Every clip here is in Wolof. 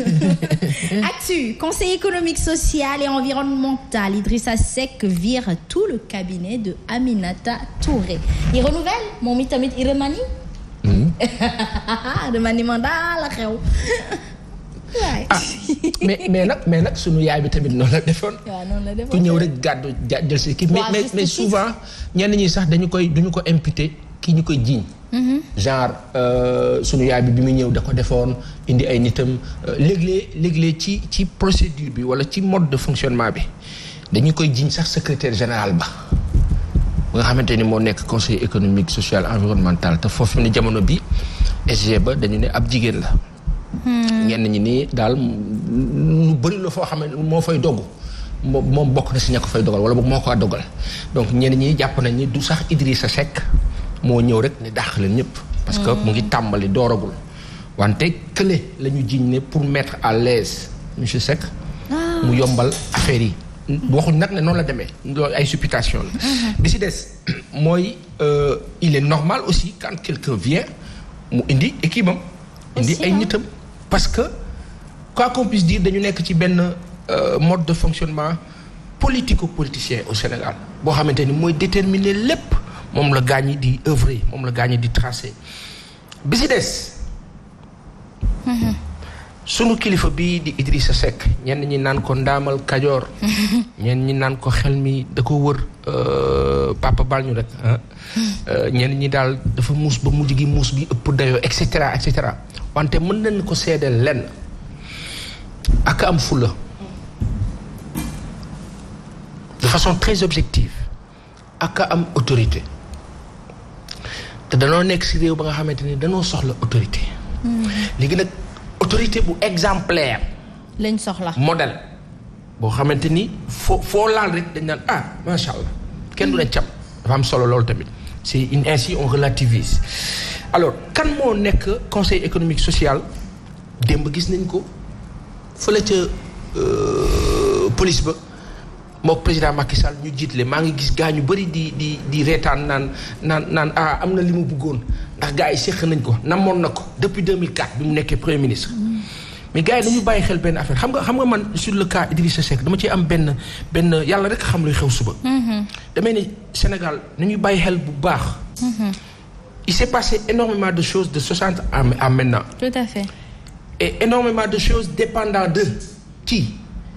Actu, conseil économique, social et environnemental, Idrissa Seck vire tout le cabinet de Aminata Touré. Il renouvelle moom itamit il remanie. Mm. remaniement daal la xew. waay ah, mais mais nag mais sunu yaay bi tamit noonu la defoon. waaw noonu la defoon ku ñëw mais mais souvent ñenn ñi sax dañu koy duñu ko imputer kii ñu koy jiiñ. Mhm. genre euh, suñu yaay bi bi muy ñëw da ko defoon indi ay nitam euh, léglé léeg ci ci procédure bi wala ci mode de fonctionnement bi dañu koy jiñ sax secretaire général ba ba nga xamante ni moo nekk conseil économique social environnemental te foofu ni jamono bi SG ba dañu ne ab jigéen la hmm. ñenn ñi nii daal lu bëri la foo xam ne moo fay dogg moom bokk na si ña ko fay dogal wala boog moo ko dogal donc ñenn ñi jàpp nañ ni du sax sa Seck moo ñëw rek ne dàq leen ñëpp. parce que mu ngi tàmbali dooragul. wante kële la ñu jiñ pour mettre à l'aise monsieur Seck. Ah. mu yombal affaire yi. waxuñ nag ne noonu la demee loolu ay supputation la. Ah. bi si des mooy euh, il est normal aussi quand quelqu'un mu indi équipe am. indi ay nitam parce que quoi qu'on puisse dañu nekk ci benn euh, mode de fonctionnement politico-politicien au Sénégal boo xamante ni mooy déterminer lépp. moom la gaañ yi di œuvrer moom la gaañ yi di tracer bi si des. sunu kilifa bii di Idrissa Seck ñenn ñi naan ko ndaamal kajoor ñenn ñi naan ko xel mi da ko wër euh, papa bal ñu rek euh, ñenn ñi daal dafa muus ba mu gi muus gi ëpp dayo et cetera wante mën na ko seedeel lenn ak am fula de façon très objective ak am autorité te danoo nekk si réew ba nga xamante ni danoo soxla autorité. Mm-hmm. léegi nag autorité bu exemplaire. lañ soxla modèle. boo xamante ni foo foo laal rek dañ naan ah macha allah kenn du ne mm-hmm. cam dafa am solo loolu tamit c'est une ainsi on relativise. alors kan moo nekk conseil économique social démb gis nañ ko fële ca euh, police ba. mook président Macky Sall ñu jiitle maa ngi gis gaa ñu bëri di di di reetaan naan naan naan ah am na li mu buggoon ndax gaa yi séq nañ ko namoon na ko depuis 2004 bi mu nekkee premier ministre. Mm. mais gars yi dañu bàyyi xel benn affaire xam nga xam nga man sur le cas Idrissa Seck dama ci am benn benn yàlla rek xam luy xew suba. Mm-hmm. damay ne Sénégal nañu bàyyi xel bu baax. Mm-hmm. il s'est passé énormément de chose de 60 ans à maintenant. tout à fait. et énormément de choses dépendant de qui.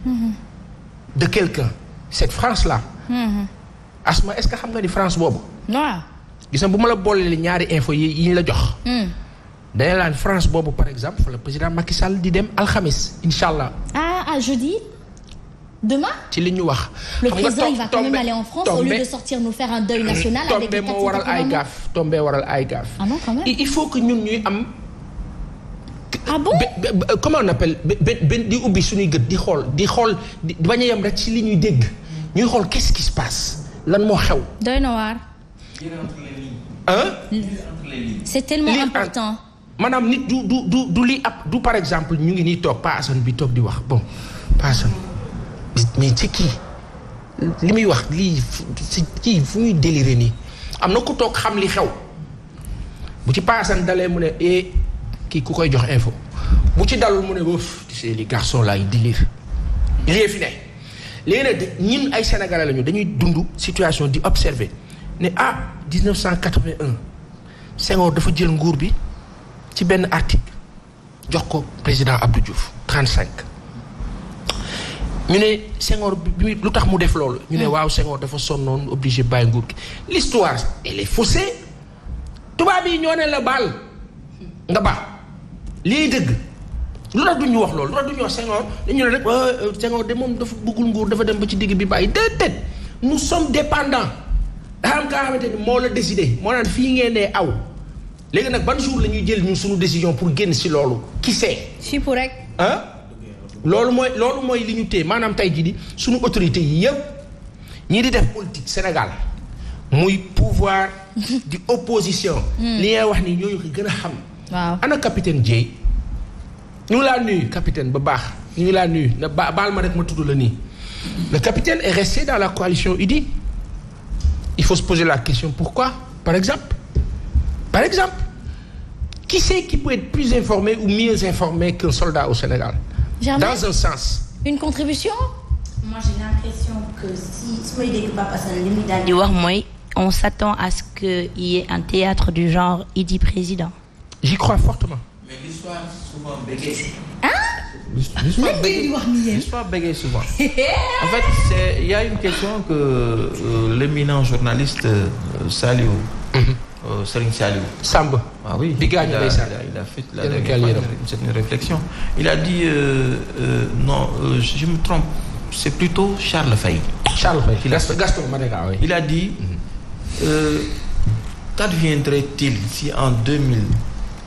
Mm-hmm. de quelqu'un cette France là. Mm-hmm. asma est-ce que xam nga ni France boobu. waaw gis nga bu ma la boolee ñaari info yi ñu la jox. Mm. dañu laan France boobu par exemple le président Macky Sall di dem alxamis incha allah. ah ah jeudi. demain ci li ñu wax. le président il va quand même aller en France au lieu de sortir nous faire un deuil national. avec des moo waral ay gaaf tombé waral ay gaaf. il faut que ñun ñuy am. ah bon euh, comment on appelle benn di ubbi suñuy gët di xool di xool di bañ a yem rek ci li ñuy dégg ñuy xool qu'est-ce qui se passe lan moo xew. doy na waar. c'est ah, maanaam nit du du du du lii ab du par exemple ñu ngi nii toog Pa bi toog di wax bon Pa Assane mais ci kii li muy wax lii ci kii fu muy déliré nii am na ku toog xam li xew bu ci Pa dalee mu ne eh, kii ku koy jox info bu ci dalul mu ne wëf c'est les garçons là ils délirent lii fi ne léegi nag ay sénégalais lañu dañuy dund situation di observer ne ah 1981 Senghor dafa jël nguur bi ci benn article jox ko président Abdou Diouf 35 ñu ne Senghor bi lu tax mu def loolu. ñu ne mm. waaw Senghor dafa sonnoon obligé bàyyi nguur gi l'histoire elle est faussée tubaab yi ñoo ne la baal nga baax. lii dëgg lu nag du ñu wax loolu lu tax du ñu wax Senghor dañu ne rek euh, Senghor de moom dafa bëggul nguur dafa dem ba ci digg bi bàyyi déedéet nous sommes dépendants daa am kaa moo la décidé moo naan fii ngeen nee aw léegi nag ban jour la ñuy jël ñun suñu décision pour génn si loolu qui sait. sipp rek. ah loolu mooy mooy li ñu téye maanaam tey jii di suñu autorité yi yëpp ñii di def politique Sénégal muy pouvoir di opposition. Hmm. li ngay wax ni ñooñu ko gën a xam. waaw ana capitaine Dieye ñu ngi laa nuyu capitaine ba baax ñu ngi laa nuyu na baal ma rek ma tudd la nii le capitaine est resté dans la coalition UDI il faut se poser la question pourquoi par exemple par exemple qui c'est qui peut être plus informé ou mieux informé qu'un soldat au Sénégal Jamais. dans un sens une contribution moi j'ai wax mooy on s'attend à ce qu'il y ait un théâtre du genre Idi président j'y crois fortement. mais souvent en fait c'est il y a une question que euh, l'éminent journaliste euh, Saliou. Mhm. Euh, Serigne Samb. ah oui il a, il la dernière c'est une réflexion. il a dit euh, euh, non euh, je me trompe c'est plutôt Charles Faye. Charles Faye il a Gaston Maréga oui. il si en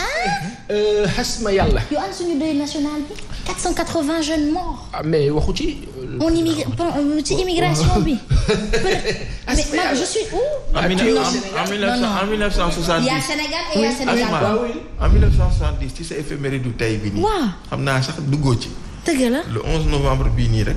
Ah. Euh, xas ma yàlla. yu am suñu deuil national bi. 480 jeunes morts. Ah, mais waxu ci. on immigration bi. mais man je suis où. en ah, Sénégal et yaa Sénégal. en 1970 du tey bi xam naa sax duggoo ci. dëgg la le novembre bii nii rek.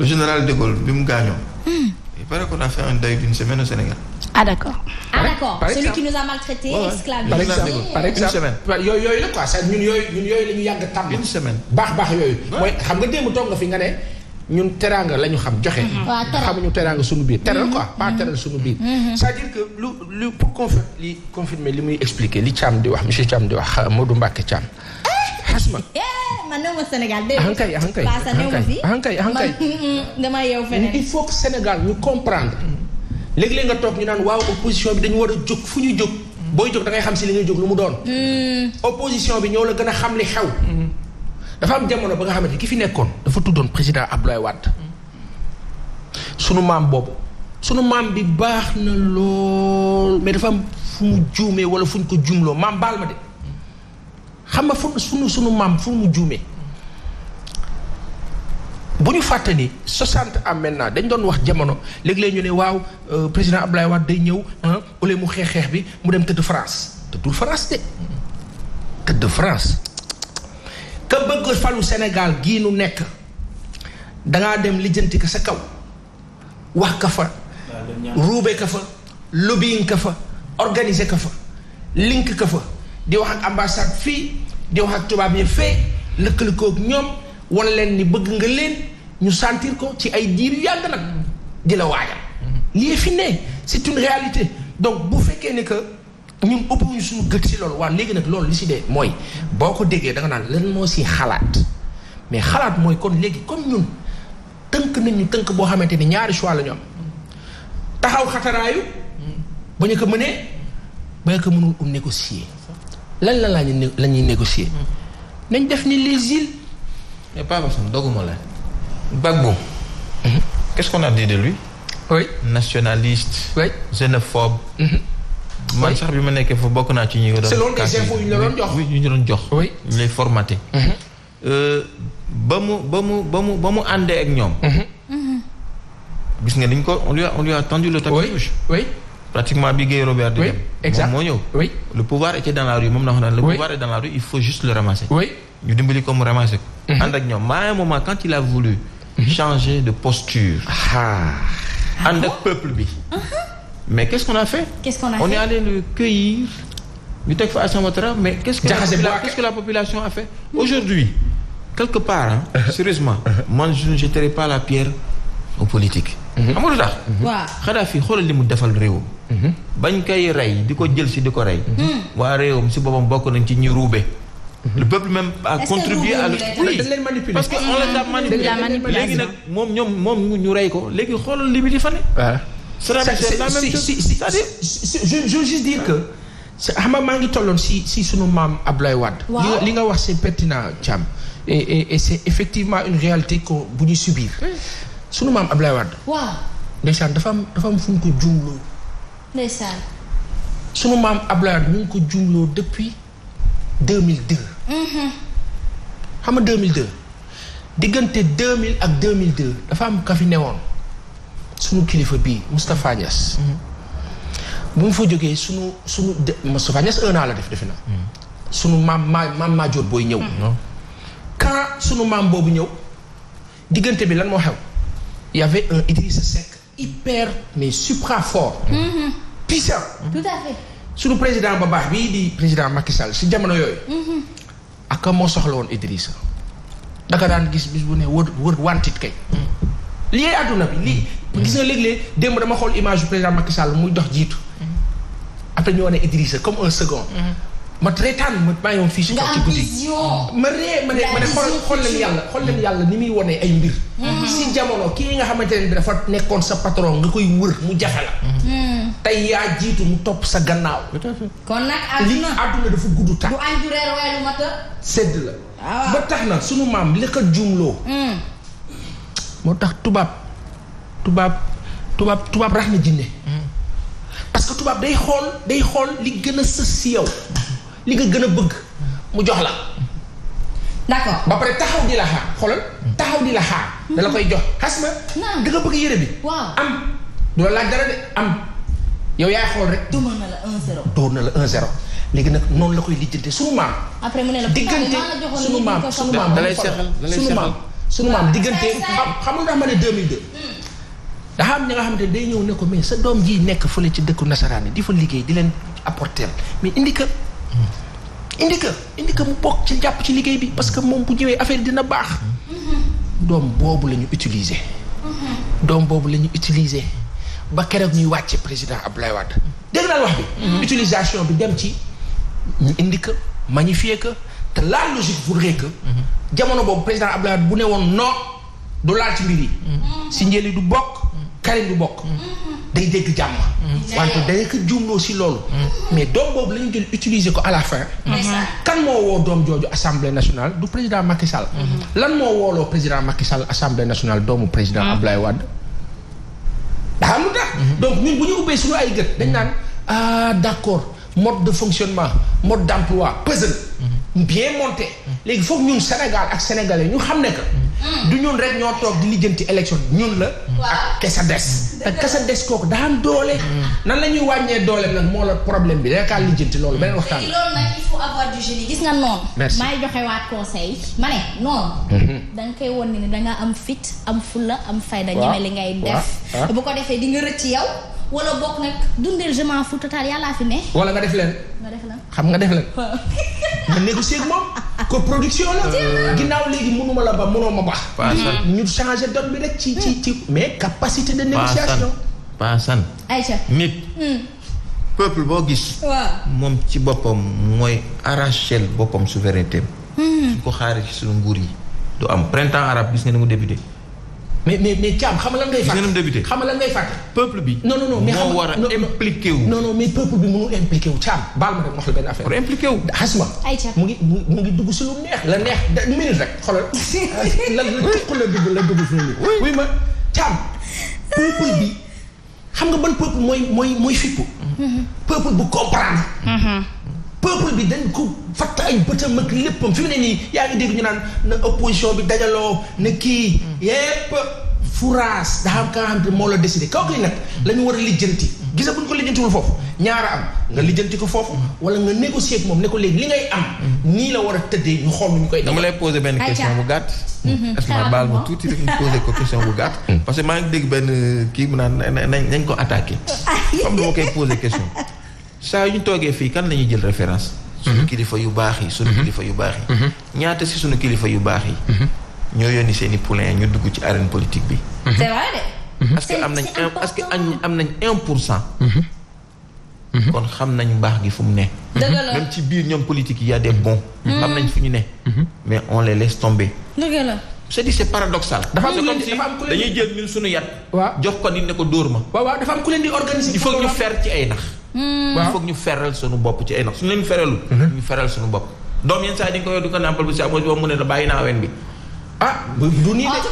le général de Gaulle bi mu gaañoo. Hmm. il paraît qu'on fait un deuil d'une semaine au Sénégal. ah d'accord. ah d'accord celui nous a maltraité. esclave par exemple par exemple yooyu yooyu la quoi ça ñun yooyu ñun yooyu la ñu yàgg tàmm. une baax baax yooyu. mooy xam nga démb toog fi nga ne ñun teraanga la ñu xam joxe. waaw mm-hmm. teraanga xamuñu teraanga sunu biir. teral mm-hmm. quoi pas mm-hmm. teral sunu biir. c'est-à-dire que lu lu pour confirmer li confirmer li muy expliquer li Thiam di wax monsieur Thiam di wax euh, Modou Mbacké Thiam. Eh! asma eh, man néew ma Sénégal dégg nga. ahankay ah, ahankay ahankay ahankay damay yow feneen. il faut que Sénégal ñu comprendre. léeg-léeg nga toog ñu naan waaw opposition bi dañu war a jóg fu ñu jóg. booy jóg da xam si li ngay jóg lu mu doon. Hmm. opposition bi ñoo la gën a xam li xew. Hmm. dafa am jamono ba nga xamante ki fi nekkoon dafa tuddoon président Abdoulaye Wade. Hmm. sunu maam boobu. sunu maam bi baax na lool dafa am fu mu juumee wala fu ñu ko juumloo maam baal ma de xam nga fu sunu sunu maam fu mu juumee. bu ñu fàtte ni am ans maintenant dañ doon wax jamono léegi léeg ñu ne waaw euh, président Abdoulaye Wade day ñëw au mu xeex xeex bi mu dem tëdd France tëddul France de tëdd France. ka bëgg falu Sénégal gii nu nekk dangaa dem lijjanti ka sa kaw wax ka fa. ruube ka fa lobbying ka fa organiser ka fa link ka fa di wax ak ambassade fii di wax ak tubaab yi fee lëkkalikoog ñoom. wan leen ni bëgg nga leen ñu sentir ko ci ay diir yu yàgg nag di la waajal. lii fi ne c'est une réalité donc bu fekkee ne que ñun ëppuñu suñu gët si loolu waa léegi nag loolu li si de mooy boo ko déggee da naan lan moo si xalaat mais xalaat mooy kon léegi comme ñun tënk nañu tënk boo xamante ni ñaari choix la ñu am taxaw xataraayu ba ko mënee ba ñu ko mënul um négocier lan la la ñuy négocier nañ def ni les mais Paa Assane doguma la. Gbagbo. Mhm. qu'est-ce qu'on a dit nationaliste. oui mhm. man sax bi ma nekkee foofu bokk naa ci ñi. ñu la doon jox ñu lay formaté. Mhm. Euh, ba mu ba mu ba mu ba mu àndee ak ñoom. gis nga niñ ko on lui a on lui a tendu le pratiquement bi Guèye Robert di moom moo ñëw. le pouvoir était dans la rue moom na wax naan le pouvoir est dans la il faut juste le ramasser. oui ñu dimbali ko mu ramasser ko. Mhm. ànd ak ñoom mais à moment quand il a voulu mhm. changer de posture ah. ànd ak peuple bi uh-huh. mais qu'est-ce qu'on a fait on est allé le cueillir ñu teg fa Assane Ouattara mais qu'est-ce que qu'est-ce la population a fait aujourd'hui quelque part hein, uh-huh. sérieusement man je ne jetterai pas la pierre aux politiques uh-huh. xam nga lu tax waaw xoolal li mu defal réewam bañ koy rey di ko jël si di ko rey hmm. waa réewam si boppam bokk nañ ci ñi ruube le peuple même a contribué parce que a léegi nag moom ñoom moom ñu rey ko léegi xool li bi di fane. waaw c'est que. xam nga maa ngi tolloon si si sunu maam Abdoulaye Wade. li nga wax c'est pertinent Thiam. et et c'est effectivement une réalité que bu ñu subir. Hmm. sunu maam Abdoulaye Wade. waaw. ndeysaan dafa am ko juumloo. maam Abdoulaye Wade mu ko juumloo depuis deux mille Mm-hmm. xam nga 2002 diggante 2000 ak 2002 dafa am ka fi newoon sunu kilifa bii Moustapha Niass. Mm-hmm. bu mu fa jógee sunu sunu Moustapha Niass un an la def defe naa. Mm-hmm. sunu maam maam maam Maajoor booy ñëw. quand sunu maam boobu ñëw diggante bi lan moo xew. y avait un Idrissa Seck hyper mais supra fort. tout à fait. sunu président ba baax bii di président Macky Sall si jamono yooyu. aka moo soxla woon Idrissa daka daan gis bis bu ne wër wër wantit kay mm-hmm. lii àdduna bi lii mm-hmm. gis nga léeg-léeg démb dama xool image du président Macky Sall muy dox jiitu mm-hmm. après ñoo ne Idrissa comme un second ma reetaan ma maa yoon fii si kaw ci guddi ma ree ma yàlla ni muy wonee ay mbir mm-hmm. si jamono kii nga xamante ne dafa nekkoon sa patron nga koy wër mu jafe la mm-hmm. tey yaa jiitu mu topp sa gannaaw kon nag àdduna àdduna dafa gudd tax bu añ du a sedd la ba tax na suñu maam li ko jumloo mm. moo tax tubaab tubaab tubaab tubaab rax na jinne mm. parce tubaab day xool day xool li gën a sës si yow li nga gën a bëgg mu jox la d'accord ba pare taxaw di la xaar xoolal taxaw di la xaar da la koy jox xas ma da bëgg yére bi waaw am du la laaj dara de am yow yaay xool rek dóor na la un zéro na la un zéro léegi nag noonu la koy lijjante sunu maam après mu ne la diggante sunu maam sunu da lay seexal da lay seexal maam diggante xam nga ma ne 2002 mm. dafa am ñi nga xamante ne day ñëw ne ko mais sa doom ji nekk fële ci dëkku nasaraan yi di fa liggéey di leen apporter mais indi que indi ka indi ka mu bokk ci jàpp ci liggéey bi parce que moom bu ñëwee affaire dina baax. doom boobu lañu ñu utiliser. doom boobu lañu ñu utiliser ba keroog ñuy wàcce président Abdoulaye Wade. dégg naa wax bi. utilisation bi dem ci ñu indi ka magnifier ka te la logique voudrait que. jamono boobu président Abdoulaye Wade bu ne woon non du laal ci mbir yi. si njëli du bokk. Karim du bokk. day dégg jàmm. Mm-hmm. wante day ko jumloo si loolu. Mm-hmm. mais doom boobu la ñu jël utiliser ko à la fin. Mm-hmm. kan moo woo doom jooju assemblée nationale du président Macky Sall. lan moo wooloo président Macky Sall assemblée nationale doomu président Abdoulaye Wade. daa am tax. donc ñun bu ñu ubbee suñu ay gët dañ naan ah accord mode de fonctionnement mode d' emploi puzzle bien monté léegi foog ñun Sénégal ak sénégalais ñu xam ne Mm. du ñun rek ñoo toog di lijjanti élection ñun la. ak kesa des. te des kooku daan doole. Mm. nan la ñuy wàññee doole nag moo la problème bi yaakaar lijjanti loolu beneen waxtaan la. loolu nag il faut avoir gis nga noonu. merci maay joxe waat conseil. ma ne noonu. Mhm. da nga koy won ni da am fit am fulla am fayda. ñeme li ngay def. bu ko defee di nga rëcc yow. wala bokk nag dundeel je m'en fous total yàllaa fi ne. wala nga def leen. nga def leen xam nga def leen. nga négocier ak moom. ko léegi mënuma mm. changé date ci ci ci. mais capacité de négociation. paasan ayca nit. Mm. peuple boo gis. moom ci boppam mooy arracher boppam souveraineté am. Mm. su ko xaaree ci sunu nguur yi. du am printemps arabe gis nga ni mu débuté. mais mais mais Thiam xam nga lan ngay fàtte. gis député xam nga lan ngay fàtte. peuple bi. non non non mais xam moo war a impliqué wu. non non mais peuple bi mënul impliqué wu Thiam baal ma rek wax la benn affaire. pour impliqué wu. xasuma. mu ngi mu ngi dugg si lu neex. la neex da minute rek xoolal. lan la tuq la dugg la dugg fii nii. oui ma Thiam. peuple bi xam nga ban peuple mooy mooy mooy fippu. Mm-hmm. peuple bu comprendre. Mm-hmm. peuple bi dañ ko fatt ay bëtam ak léppam fi mu ne nii yaa ngi dégg ñu naan na opposition bi dajaloo na kii yépp furaas daa am kaa xam moo la décidé kaw kii nag la war a lijjanti gisa buñ ko lijjantiwul foofu ñaara am nga lijjanti ko foofu wala nga négocier ak moom ne ko léegi li ngay am nii la war a tëddee ñu xool ñu koy dama lay poser benn question bu gàtt mhm. est ma baal ma tuuti rek ñu poser bu gàtt mhm. parce que maa ngi dégg benn kii mu naan nañ ko attaqué comme dama koy poser question saa yu ñu toogee fii kan la ñuy jël référence. suñu mhm. kilifa yu baax yi suñu mhm. kilifa yu baax yi. Mhm. ñaata si suñu kilifa yu baax yi. ñoo yónni seen i ñu dugg ci arène politique bi. c'est vrai de. parce que am nañ parce que am nañ un pour cent. kon xam nañ baax gi fu mu ne. même ci biir ñoom politique yi y a xam nañ fu ñu ne. mais on les laisse tomber. dëgg la. c'est dit c'est paradoxal. dafa am comme si dañuy ko ni ne ko dóor ma. waaw waaw dafa am ku leen di organiser. il faut ñu fer ci ay nax. waaw hmm. foog ñu feral suñu bopp ci ay nax suñu leen feralul. Mhm. ñu feral suñu bopp. doom yenn saa yi dañu ko nàmpal bu si amoo si mu ne la bàyyi naa wen bi ah du nii mais.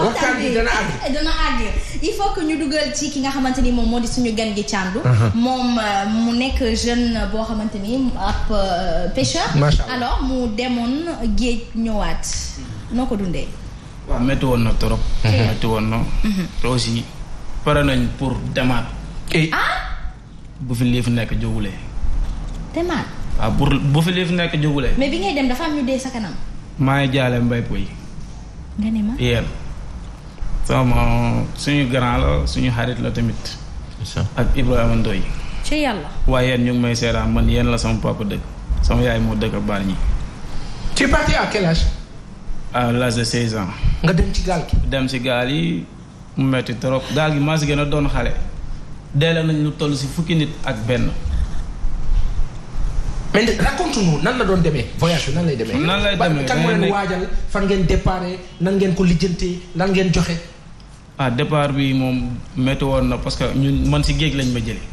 waxtaan bi dana àgg dana ñu dugal ci ki nga xamante ni moom moo di suñu gan gi Thiandou. Mhm. moom euh, mu nekk jeune boo xamante ni ab euh, pêcheur. alors mu demoon géej ñëwaat noo ko dundee. waaw métti woon na trop. Eh. métti woon na. Mhm. te aussi pare nañ pour demaat. bu fi lii fi nekk jógulee. te maa. Ah, waaw bu fi lii fi nekk jógulee. mais bi ngay dem dafa am ñu dee sa kanam. maa ngi jaale mbay poy. nga sama suñu grand la suñu xarit la tamit. ak Ibrahima Ndoye. ci yàlla. waaye yéen ñu ngi may seeraan man yéen la sama papa dëkk sama yaay moo dëkk baar ñi. Mm. tu es parti à quel de seize ans. nga dem ci gaal gi. dem ci gaal yi mu metti trop daal gi maa si gën a doon xale. deele nañ lu toll si fukki nit ak benn. mais raconte-nous nan la doon demee voyage bi nan lay demee. nan lay demee kan moo leen waajal fan ngeen départ nan ngeen ko lijjantee nan ngeen joxe. ah départ bi moom métti woon na parce que ñun man si géej lañ ma jëlee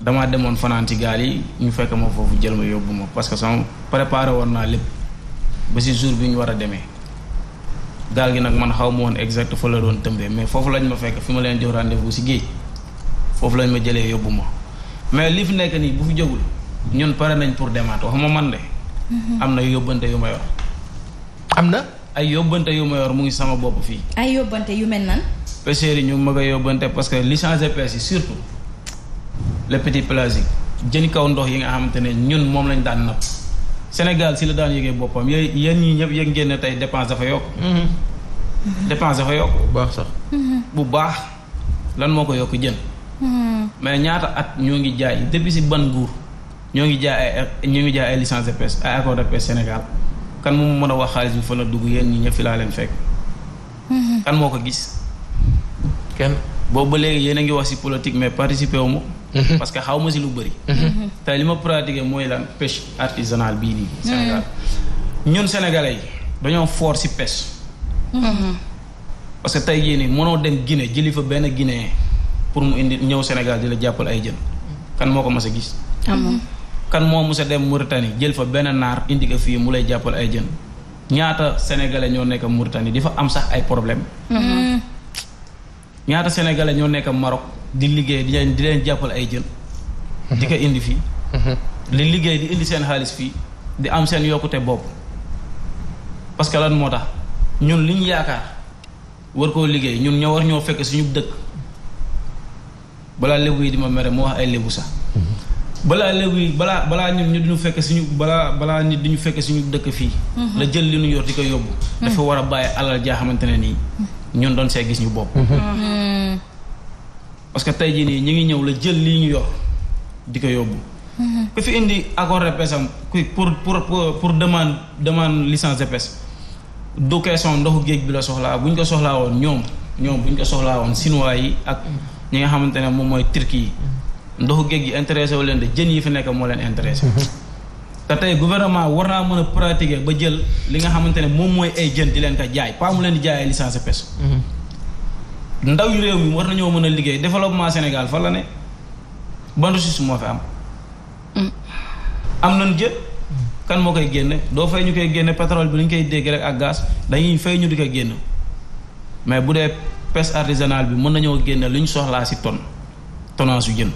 damaa demoon fanaan ci gaal yi ñu fekk ma foofu jël ma yóbbu ma parce que sama préparé woon naa lépp ba si jour bi ñu war a demee. gaal gi nag man xaw ma woon exact fa la doon tëmbee mais foofu lañ ma fekk fi ma leen jox rendez-vous si géej. foofu lañ ma jëlee yóbbu ma mais li fi nekk nii bu fi jógul ñun pare nañ pour wax ma man ne mhm. am na yóbbante yu ma am na. ay yóbbante yu ma yor mu ngi sama bopp fii. ay yóbbante yu mel nan. pêcheurs ñu mag a parce que licence de pêche yi surtout les petits pélagiques jën kaw ndox yi nga xamante ne ñun moom lañ daan napp Sénégal si la daan yëgee boppam yéen yéen ñii ñëpp yëg ngeen ne tey dépense dafa yokk. Mhm. dépense dafa yokk bu baax sax. Mhm. bu baax lan moo ko yokk jën. mais ñaata at ñoo ngi jaay depuis si ban nguur ñoo ngi jaay ay ngi jaay ay licence de pêche ay accord de pêche Sénégal kan moom mën a wax xaalis bi fa la dugg yéen ñi ñëpp fi laa leen fekk. kan moo ko gis. kenn boobu ba léegi yéen a ngi wax si politique mais participer wu ma. Mhm. parce que xaw ma si lu bëri. Mhm. tey li ma pratiqué mooy lan pêche artisanale bii nii. Sénégal mhm. ñun sénégalais yi dañoo fort si pêche. parce que tey jii nii mënoo dem Guinée jëli fa benn Guinéen. pour mu indi ñëw Sénégal di la jàppal ay jën kan moo ko mas gis kan moo mos a dem Mauritanie jël fa benn naar indi ko fii mu lay jàppal ay jën ñaata sénégalais ñoo nekk Mauritanie di fa am sax ay problème mm-hmm. ñaata sénégalais ñoo nekk Maroc di liggéey di leen di leen jàppal ay jën di ko indi fii mm-hmm. di liggéey di indi seen xaalis fii di am seen yokkute bopp parce lan moo tax ñun liñ ñu yaakaar war koo liggéey ñun ñoo war ñoo fekk suñu dëkk balaa lébu yi di ma mere ma wax ay lébu sax balaa lébu yi balaa balaa ñun ñu duñu fekk suñu balaa balaa ñu duñu fekk ñu dëkk fii mhm. la jël li ñu yor di ko yóbbu mhm. dafa war a bàyyi alal jaa xamante ne nii ñun doon see gis bopp mhm. parce que tey jii nii ñu ngi ñëw la jël lii ñu yor di ko yóbbu ku fi indi accord de pêche pour pour pour demande demande licence de pêche du question ndoxu géej bi la soxlaa buñ ko soxlaa woon ñoom ñoom bu ko soxlaa woon chinois yi ak ñi nga xamante ne moom mooy Turquie yi ndoxu géej gi intéressé wu leen de jën yi fi nekk moo leen intéressé te tey gouvernement war naa mën a pratiquer ba jël li nga xamante ne moom mooy ay jën di leen ko jaay pas mu leen di jaay ay licence pêche mm-hmm. ndaw yu réew mi war nañoo mën a liggéey développement Sénégal fa ne ban ressource moo fi am mm. am nañ jën kan moo koy génne doo fay ñu koy génne pétrole bi ñu koy dégg rek ak gaz dañuy fay ñu di ko génn mais pêche artisanale bi mën nañoo génne lu ñu soxlaa si tonne tonnage yu jën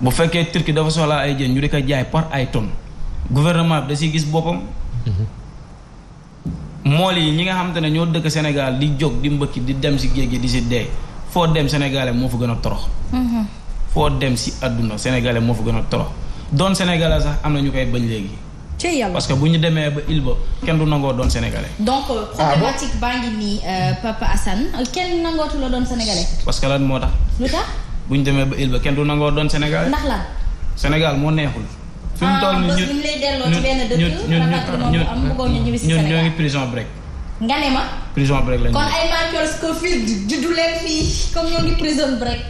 bu fekkee Turquie dafa soxlaa ay jën ñu di ko jaay par ay tonne gouvernement bi da siy gis boppam. Mm-hmm. mool yi ñi nga xamante ne ñoo dëkk Sénégal di jóg di mbëkki di dem si géej gi di si dee foo dem sénégalais moo fa gën a torox. Mm-hmm. foo dem si àdduna sénégalais moo fa gën a torox doon sénégalais sax am na ñu koy bañ léegi. ca yàlla parce que bu ñu demee ba île ba kenn du nangoo doon sénégalais. donc euh, ah problématique baa ngi nii euh, Papa Assane kenn nangootu la doon sénégalais. parce que lan moo tax. lu tax bu ñu demee ba île ba kenn du nangoo doon sénégalais. ndax lan. Sénégal moo neexul. fi mu ah, toll nii ñu lay delloo ci benn dëkk. ñun ñun ñun ñun ñoo ngi prison break. nga ne ma. prison break lañu kon ay Michael Scofield juddu leen fii comme ñoo ngi prison break.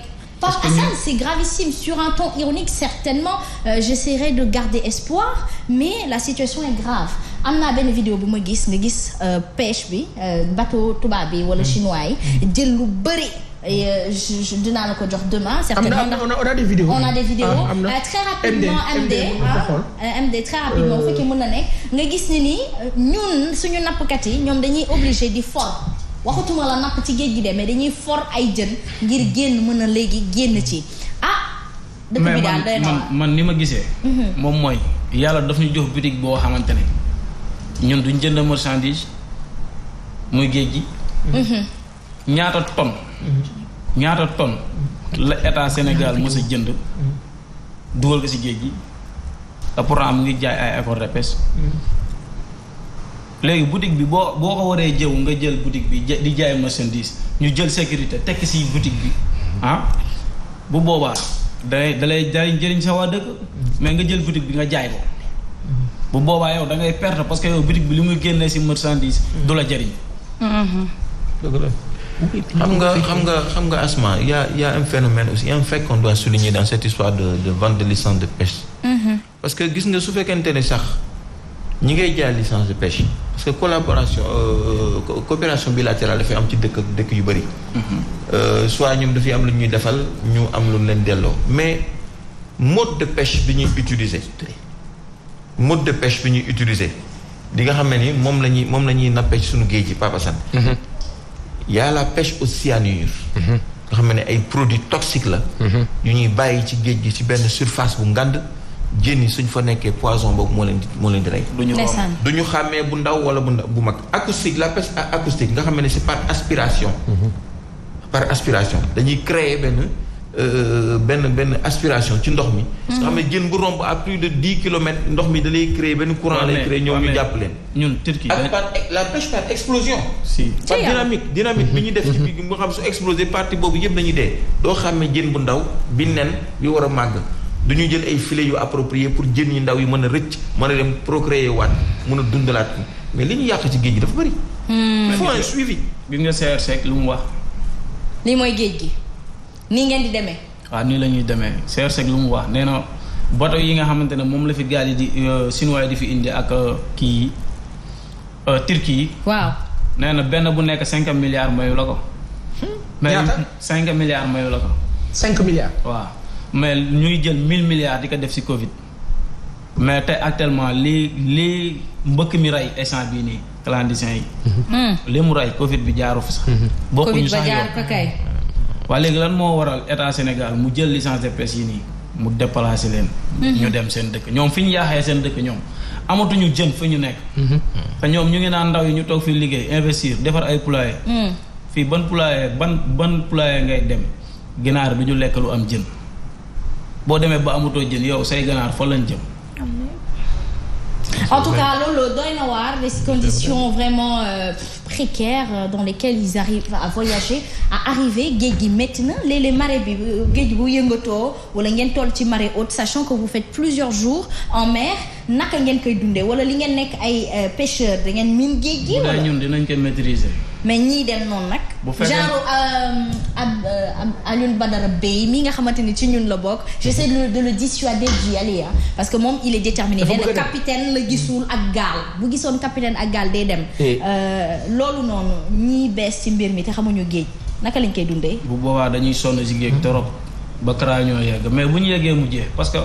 Pape Assane c'est gravissime sur un ton ironique certainement euh, j'essaierai de garder espoir mais la situation est grave am naa benn vidéo bu ma gis nga gis euh, pêche bi euh, bateau tubaab bi wala mm. chinois yi mm. jël lu bëri euh, dinaa la ko jox demain certainement on a des vidéos on a des vidéos ah, très rapidement MD MD très rapidement fekkee mën na nekk nga gis ni nii ñun suñu nappkat yi ñoom dañuy obligé di for waxatuma la napp ci géej gi de mais dañuy for ay jën ngir génn mën a léegi génn ci ah. dëkk bi daal man man ni ma gisee. Mhm. moom mooy yàlla daf ñu jox bitig boo xamante ne ñun duñ jënd marchandise muy géej gi. Mhm. ñaata ton ñaata ton la état Sénégal mos a jënd. dugal ko si géej gi te pourtant mu ngi jaay ay accord de léegi boutique bi boo boo ko waree jëw nga jël boutique bi di jaay marchandise ñu jël sécurité tekk si boutique bi ah bu boobaa dalay dalay dalay jëriñ sa waa dëkk mais nga jël boutique bi nga jaay ko bu boobaa yow da ngay perte parce que yow boutique bi li muy génnee si marchandise du la jëriñ mm-hmm. xam nga xam nga xam nga Asma y yaa y a un phénomène aussi un fait qu'on doit souligner dans cette histoire de de vente de licence de pêche mm-hmm. parce que gis nga su fekkente ne sax ñi ngay jaay licence de pêche parce que collaboration euh, coopération bilatérale dafay am ci dëkk dëkk yu bëri. Mm-hmm. Euh, soit ñoom dafay am lu ñuy defal ñu am lu leen delloo mais mode de pêche bi ñuy utiliser. mode de pêche bi ñuy utiliser di nga xam ne ni moom la ñuy moom la ñuy nappee ci suñu géej gi Papa Sane. Mm-hmm. y a la pêche au mm-hmm. nga xam ne ay produit toxiques la. yu ñuy bàyyi ci géej gi ci benn surface bu ngand. jën yi suñ fa nekkee poison boobu moo leen di moo leen di rey. du ñu du ñu xàmmee bu ndaw wala bu ndaw bu mag. acoustique la pêche acoustique nga xam ne si par aspiration. Mm-hmm. par aspiration dañuy créer benn euh, benn benn aspiration ci ndox mi. Mm-hmm. nga xam ne jën bu romb a plus de dix kilomètres ndox mi da lay créer benn courant lay créer ñoom ñu jàpp leen. ñun Turquie ak la pêche par explosion. si par dynamique dynamique bi ñuy def ci mm-hmm. biir nga xam su explosé partie boobu yëpp dañuy dee. doo xàmmee jën bu ndaw bi nen bi war a màgg. lu ñuy jël ay filets yu approprié pour jën yu ndaw yi mën a rëcc mën a dem procréer waat mën a dund dundalaat mais li ñu yàq ci géej gi dafa bëri. Hmm. il faut un suivi. gis nga CRC lu mu wax. lii mooy géej gi nii ngeen di demee. waaw nii la ñuy demee CRC lu mu wax nee na bato yi nga xamante ne moom la fi gaal yi di euh, chinois di fi indi ak euh, kii yi euh, turki yi. waaw nee na benn bu nekk cinq milliards mayu la ko. Hmm? ñaata cinq milliards mayu la ko. mais ñuy jël mille milliards di ko def ci Covid mais tey actuellement lii li mbëkk mi rey instant bi nii clandestin yi. Hmm. li mu rey Covid bi jaaru fa sax. Hmm. bokkuñu sax yoon Covid ba waa léegi lan moo waral état Sénégal mu jël licence de pêche yi nii mu déplacé leen. Hmm. ñu dem seen dëkk ñoom fi ñu yaaxee seen dëkk ñoom amatuñu jën fi ñu nekk. te ñoom ñu ngi naan ndaw yi ñu toog fii liggéey investir defar ay poulailler. fii ban poulailler ban ban poulailler ngay dem ginaar bi ñu lekk am jën. boo demee ba amutoo jën yow say ganaar fa lañ jëm. en tout cas loolu doy na waar des conditions vraiment euh, précaires euh, dans lesquelles ils arrivent à voyager à arriver géej gi métti na léeg-léeg bi euh, géej bu yëngatoo wala ngeen toll ci marée haute sachant que vous faites plusieurs jours en mer naka ngeen koy dundee wala li ngeen nekk ay euh, pêcheurs da ngeen miin géej gi. wala ñun dinañ ko maîtriser. mais ñii dem noonu nag. bu fekkee ba euh, euh, Alioune Badara Bey mi nga xamante ni ci ñun la bokk. j'essaie de le dissuader d'y aller parce que moom il est déterminé. dafa nee na capitaine la gisul ak gaal bu gisoon capitaine ak gaal de dem. Euh, loolu noonu ñiy bees ci mbir mi te xamuñu géej naka lañ koy dundee. bu boobaa dañuy sonn si géej torop ba CRA ñoo yegg mais bu ñu yeggee mujjee parce que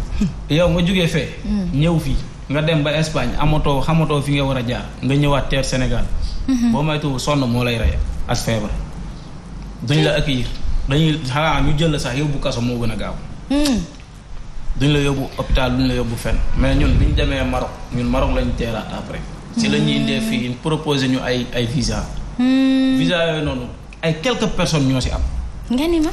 yow nga jugee fee. Hmm. ñëw fii nga dem ba Espagne amatoo xamatoo fi nga war a jaar nga ñëwaat terre Sénégal. Mm-hmm. boo moytuwul sonn moo lay rey as feebar duñ la accueillir dañuy xanaa ñu jël la sax yóbbu kaso moo gën a gaaw mm-hmm. duñ la yóbbu hôpital duñ la yóbbu fenn mais ñun bi ñu demee Maroc ñun Maroc lañu teeraat après si la ñuy indee fii mm-hmm. proposé ñu ay ay visa visa yooyu noonu ay quelques personnes ñoo si am nga ni ma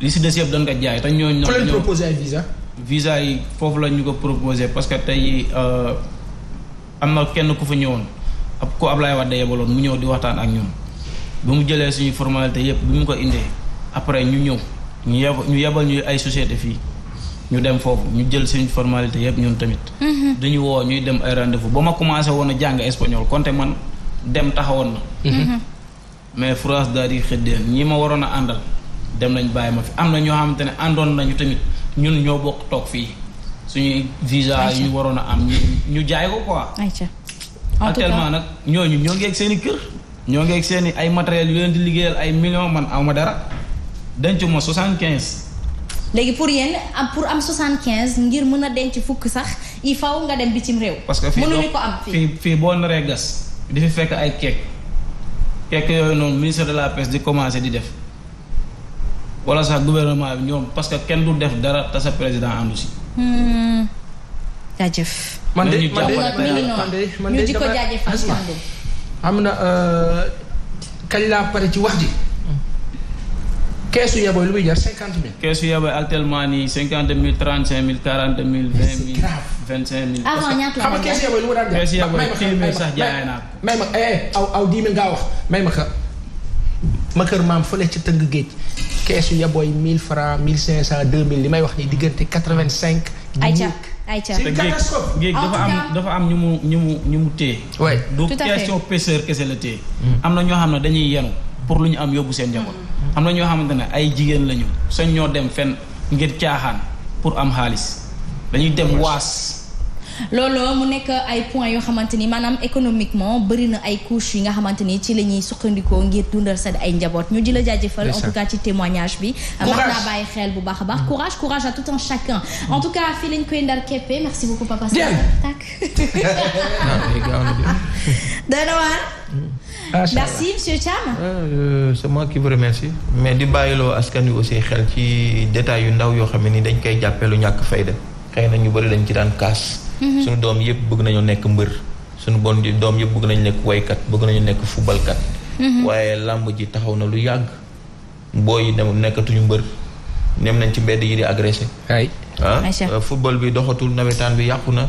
li si des yëpp dañ ko jaay te ñooñu fa lañ proposé ay visa visa yi foofu la ñu ko proposé parce que tey euh, am na kenn ku fa ñëwoon ab ko Ablaye Wade yebaloon mu ñëw di waxtaan ak ñun ba mu jëlee suñu formalité yëpp bi mu ko indee après ñu ñëw ñu yeb ñu yebal ñu ay société fii ñu dem foofu ñu jël suñu formalité yëpp ñun tamit mhm. dañu woo ñuy dem ay rendez-vous ba ma commencé woon a jàng espagnol konte man dem taxawoon na mhm. mais France daal di xëddeen ñi ma waroon a àndal dem nañ bàyyi ma fi am na ñoo xamante ne àndoon nañu tamit ñun ñoo bokk toog fii suñuy visa yi waroon a am ñu jaay ko actuellement nag ñooñu ñoo ngi egg seen i kër ñoo ngi egg seen ay matériels yu leen di liggéeyal ay millions man aw ma dara denc ma soixante quinze léegi pour yéen am pour am soixante quinze ngir mun a denc fukk sax il faw nga dem bi bitim réew parce que fii mënuñu fii fii boo naree gas di fi fekk ay keek keek yooyu noonu ministre de la pêche di commencé di def wala sax gouvernement bi ñoom parce que kenn du def dara te sa président àndu si hmm. man de man de man de man de xam na euh, kañ laa pare ci wax ji. keesu yaboy lu muy jar cinquante mille. keesu yaboy actuellement nii cinquante mille trente cinq mille quarante mille vingt mille vingt cinq mille. avant ñaata xam nga keesu yaboy lu mu daan jar. keesu yaboy téeméer sax jaay naa ko. may ma eh, eh aw aw dix mille ngaa wax may ma ka ma kër maam fële ci tëng géej keesu yaboy mille francs mille cinq cent deux mille li may wax nii diggante quatre vingt cinq. ay càkk ayca te géej dafa am dafa am ñu mu ñu mu ñu mu téye. oui du question pêcheur kese la téye. Mm. am na ñoo xam ne dañuy yenu pour lu ñu am yóbbu seen njaboot. Mm. am na ñoo xamante ne ay jigéen lañu sañ ñoo dem fenn ngir caaxaan pour am xaalis dañuy dem waas. looloo mu nekk ay points yoo xamante ni maanaam économiquement bëri na ay couches yi nga xamante ni ci la ñuy suqandikoo ngir dundal sa ay njaboot ñu di la jaajëfal en tout cas ci témoignage bi euh, mën naa bàyyi xel bu baax a baax courage courage à tout un chacun mm. en tout cas fii koy ndar keppe merci beaucoup papa Sarr tak dana waar ah, merci monsieur Thiam. Euh, c'est moi qui vous remercie. mais di bàyyiloo askan wi aussi xel ci détails yu ndaw yoo xam ne ni dañ koy jàppee lu ñàkk fayda xëy na ñu bëri dañ ci daan kaas. Mm-hmm. suñu doom yëpp bëgg nañu nekk mbër suñu bon doom yëpp bëgg nañu nekk woykat bëgg nañu nekk fubalkat mm-hmm. waaye làmb ji taxaw na lu yàgg booy yi dem nekkatuñu mbër nem nañ ci mbedd yi di agressé ay ah, bi doxatul nawetaan bi yàqu na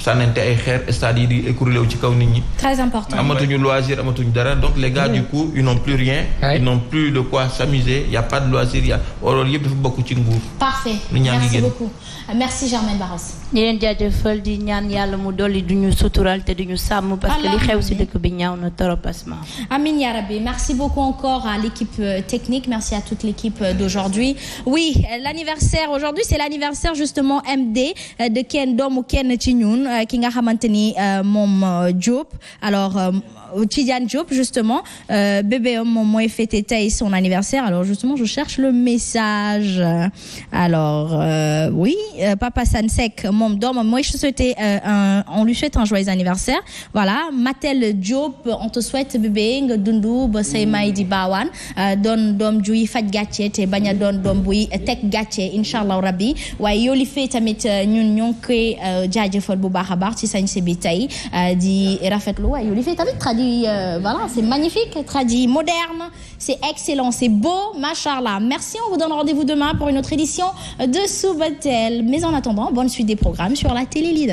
sànnante ay xeer stade yi di écroulé wu ci kaw nit ñi. très important amatuñu loisir amatuñu dara donc les gars du coup ils n'ont plus rien. ils n'ont plus de quoi s'amuser y a pas de loisir y a oh, loolu yëpp dafa bokk ci nguur. parfait merci beaucoup merci Germaine Barros. di leen jaajëfal di ñaan yàlla mu dolli du ñu sutural te du ñu sàmm. parce que li xew si dëkk bi ñaaw na trop asma. amiin yaa rabbi merci beaucoup encore à l'équipe euh, technique merci à toute l'équipe euh, d'aujourd'hui oui euh, l'anniversaire aujourd'hui c'est l'anniversaire justement MD de kenn doomu kenn ci ñun. Euh, ki nga xamante ni euh, moom euh, Diop alors Tidiane Diop justement bébé moom mooy fêté tey son anniversaire alors justement je cherche le message alors oui Papa Sansek moom doomam mooy souhaité on lui souhaite un joyeux anniversaire voilà Matel Diop on te souhaite bébé nga dundu ba say may mm. di baawaan doon doom juy faj gàcce te bañ a doon doom buy teg gàcce incha allah rabbi waaye yooli fee tamit ñun ñoo ngi koy jaajëfal bu baax a baax ci sañse bi tey euh, di rafetlu waaye lu li fi tamit tradi euh, voilà c'est magnifique tradi moderne c'est excellent c'est beau machallah merci on vous donne rendez-vous demain pour une autre édition de Soubatel mais en attendant bonne suite des programmes sur la télé